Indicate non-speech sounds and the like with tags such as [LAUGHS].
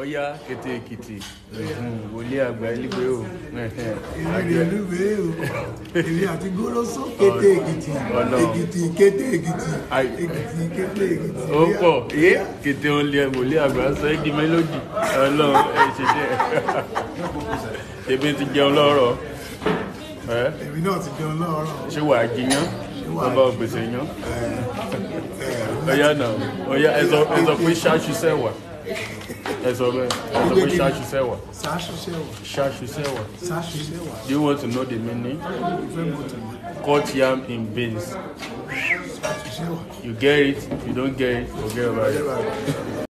ọyá kété èkìtì wòlíì àgbà ilé o. ìrìn ìlú wèé o ìrìn [LAUGHS] àti gòròsó kété èkìtì èkìtì kété èkìtì èkìtì kété èkìtì. ó pọ̀ yé kété olè wòlíì àgbà sọ égi mélòdì ọlọ́run ẹ̀ ṣe dẹ́ tèmi [LAUGHS] ti jẹun lọ́rọ̀. èmi náà ti jẹun lọ́rọ̀. ṣé wàá jiyàn bàbá ògbèsè yàn. ọyá náà ọyá ẹ sọ pé ṣáṣu sẹ́wà. That's all right. That's all right. Sashu Sewa. Sashu Sewa. Sashu Sewa. Sashu Sewa. Do you want to know the meaning? Cut yam in beans. You get it, you don't get it, forget about it.